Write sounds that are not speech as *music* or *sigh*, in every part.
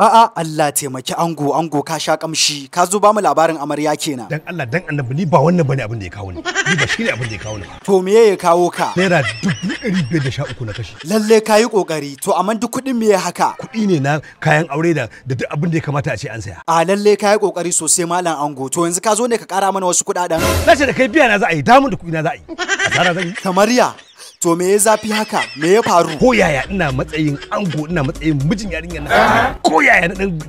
A'a Allah taimaki ango ango ka sha kamshi ka zo ba mu labarin amarya kenan. Dan Allah dan annabi ni ba wannan bane abin da ya kawo ni. Ni ba shine abin da ya kawo ni. To me ya kawo ka? Naira dubu ɗari biyar da sha uku na kashi. Lalle ka yi kokari to amma duk kuɗin me ya haka? Kuɗi ne na kayan aure da da duk abin da ya kamata a ce an saya. A lalle ka yi kokari sosai malam ango to yanzu ka zo ne ka ƙara mana wasu kuɗaɗen. Lashe ce da kai biya na za a yi damun da kuɗi na za a yi. Kamar ya To me ya zafi haka? Me ya faru? Ko yaya ina matsayin ango ina matsayin mijin yarinyar na. Ko yaya na dan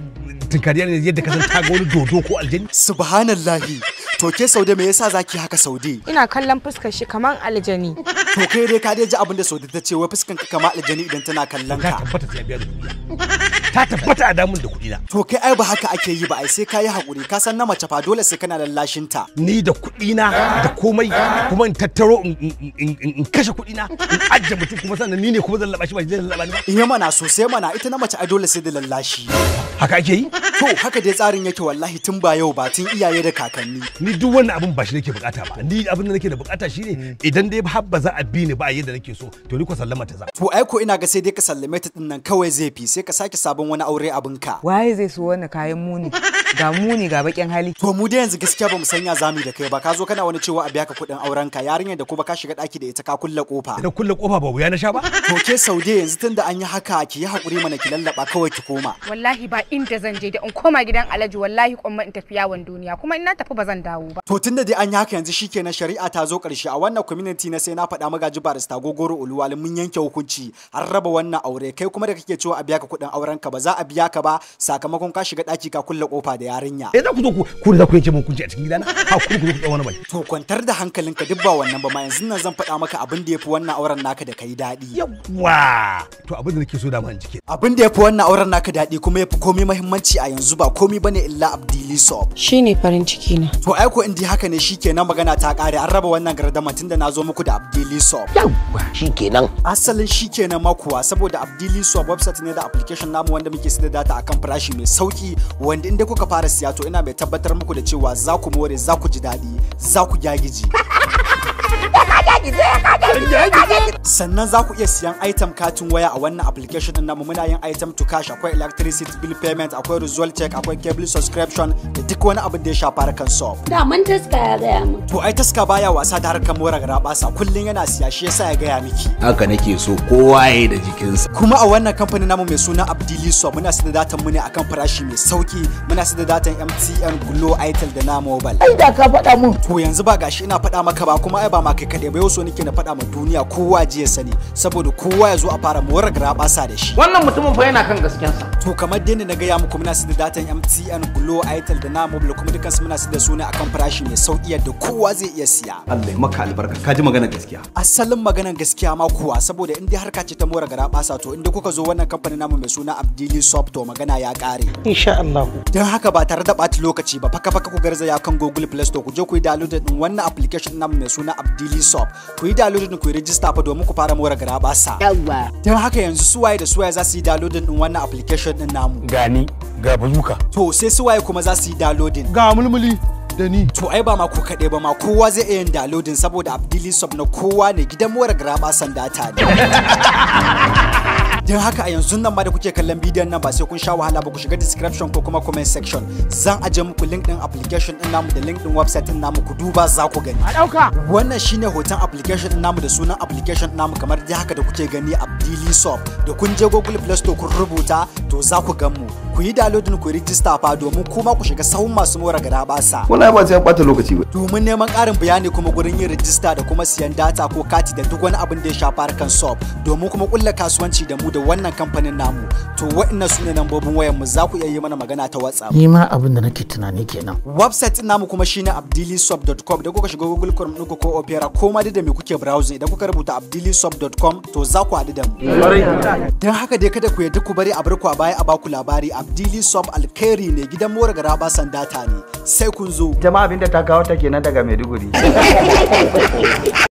tunkariyar ne yadda ka san ta ga wani dodo ko aljani. Subhanallahi. To ke Saude me yasa zaki haka Saude? Ina kallon fuskar shi kaman aljani. To kai dai ka dai ji abin da Saude ta ce wa fuskar ka kaman aljani idan tana kallon ka. Ka tabbata ta biya da ta tabbata a damun da kuɗi na to kai ai ba haka ake yi ba ai sai kayi hakuri ka san na mace fa dole sai kana lallashin ta ni da kuɗi na da komai kuma in tattaro in kashe kuɗi na in ajje mutum kuma sannan ni ne kuma zan laba shi ba zan laba ni ba eh mana sosai mana ita na mace ai dole sai da lallashi haka ake yi to haka dai tsarin yake wallahi tun ba yau ba tun iyaye da kakanni ni duk wannan abin ba shi nake bukata ba ni abin da nake da bukata shine idan dai har ba za a bi ni ba a yadda nake so to ni ko sallama ta za to ai ko ina ga sai dai ka sallame ta din kawai zai fi sai ka sake sabon wani aure abin ka waye zai so wani kayan muni ga muni ga bakin hali to mu da yanzu gaskiya ba mu sanya zami da kai ba ka zo kana wani cewa a biya ka kudin auren ka yarinyar da ko ba ka shiga daki da ita ka kulle kofa da kulle kofa ba wuya na sha ba to ke saude yanzu tunda an yi haka ki yi hakuri mana ki lallaba kawai ki koma wallahi ba inda zan je da koma gidan Alhaji wallahi kuma in tafi yawon duniya kuma in na tafi ba zan dawo ba. To tunda dai an yi haka yanzu shikenan shari'a ta zo karshe a wannan community na sai na faɗa magaji barista gogoro oluwali mun yanke hukunci an raba wannan aure kai kuma da kake cewa a biya ka kuɗin auren ka ba za a biya ka ba sakamakon ka shiga ɗaki ka kulle kofa da yarinya. Eh za ku zo ku ku da ku yanke mun kunci a cikin gidana ha ku ku da wani bai. To kwantar da hankalinka duk ba wannan ba ma yanzu nan zan faɗa maka abin da yafi wannan auren naka da kai daɗi. yawa to abin da nake so da man jike. Abin da yafi wannan auren naka daɗi kuma yafi komai muhimmanci a yanzu ba komi bane illa Abdili Sob. Shi ne farin ciki na. To ai ko in dai haka ne shikenan magana ta kare an raba wannan gardama tunda na zo muku da Abdili Sob. Yawwa shikenan. Asalin shikenan ma kuwa saboda Abdili Sob website ne da application namu wanda muke sayar data akan farashi mai sauki wanda inda kuka fara siya to ina mai tabbatar muku da cewa za ku more za ku ji dadi za ku gyagiji. *laughs* sannan za ku iya siyan item katin waya a wannan application din namu muna yin item to cash akwai electricity bill payment akwai result check akwai cable subscription da duk wani abu da ya shafa harkar so da mun taska ya gaya mu to ai taska baya wasa da harkar mora sa kullun yana siya shi yasa ya gaya miki haka nake so kowa yayi da jikinsa kuma a wannan kamfanin namu mai suna Abdili so muna sayar da datan mu ne akan farashi mai sauki muna sayar da datan MTN Glo Itel da na mobile ai da ka faɗa mun to yanzu ba gashi ina faɗa maka ba kuma ai ba ma kai kaɗai ba yau so nake na faɗa ma duniya kowa ji ya sani saboda kowa ya zo a fara morar raɓasa da shi wannan mutumin fa yana kan sa. to kamar dai na gaya muku muna da datan MTN Glo Itel da na mobile kuma dukkan su muna da su ne akan farashi mai sauki yadda kowa zai iya siya Allah ya maka albarka ka ji maganar gaskiya asalin maganar gaskiya ma kuwa saboda in dai harka ce ta morar raɓasa to inda kuka zo wannan kamfanin namu mai suna Abdili Soft to magana ya ƙare insha Allah don haka ba tare da ɓata lokaci ba faka faka ku ya kan Google Play Store ku je ku yi download din wannan application namu mai suna Dili shop Ku yi downloading ku yi register fa domin ku fara more gara basa. yawa Don haka yanzu suwaye da suwaye za su yi downloading din wannan application din namu. Gani ga bazuka. To sai suwaye kuma za su yi downloading. Ga mulmuli. da ni. To ai ba ma ku kaɗai ba ma kowa zai iya yin downloading saboda Abdili shop na kowa ne gidan more gara basan data ne. *laughs* don haka a yanzu nan ma da kuke kallon bidiyon nan ba sai kun sha wahala ba ku shiga description ko kuma comment section zan aje muku link din application din namu da link din website din namu ku duba za ku gani a dauka wannan shine hoton application din namu da sunan application din namu kamar dai haka da kuke gani Abdili Shop da kun je Google Play Store kun rubuta to za ku gan mu ku yi downloading ku register fa domin kuma ku shiga sahun masu mora gada basa wallahi ba sai bata lokaci ba domin neman karin bayani kuma gurin yin register da kuma siyan data ko kati da duk wani abin da ya shafa harkan shop domin kuma kulla kasuwanci da mu da wannan kamfanin namu to wa'annan su ne nambobin wayar mu za ku iya yi mana magana ta WhatsApp ni ma abin da nake tunani kenan website namu kuma shine abdilisop.com da kuka shiga Google Chrome ɗinku ko Opera ko ma da me kuke browsing idan kuka rubuta abdilisop.com to za ku haɗu da mu dan haka dai kada ku yarda ku bari a bar ku a baya a baku labari abdilisop alkhairi ne gidan mora garaba sanda data ne sai kun zo jama'a abinda ta kawo ta kenan daga Maiduguri *laughs*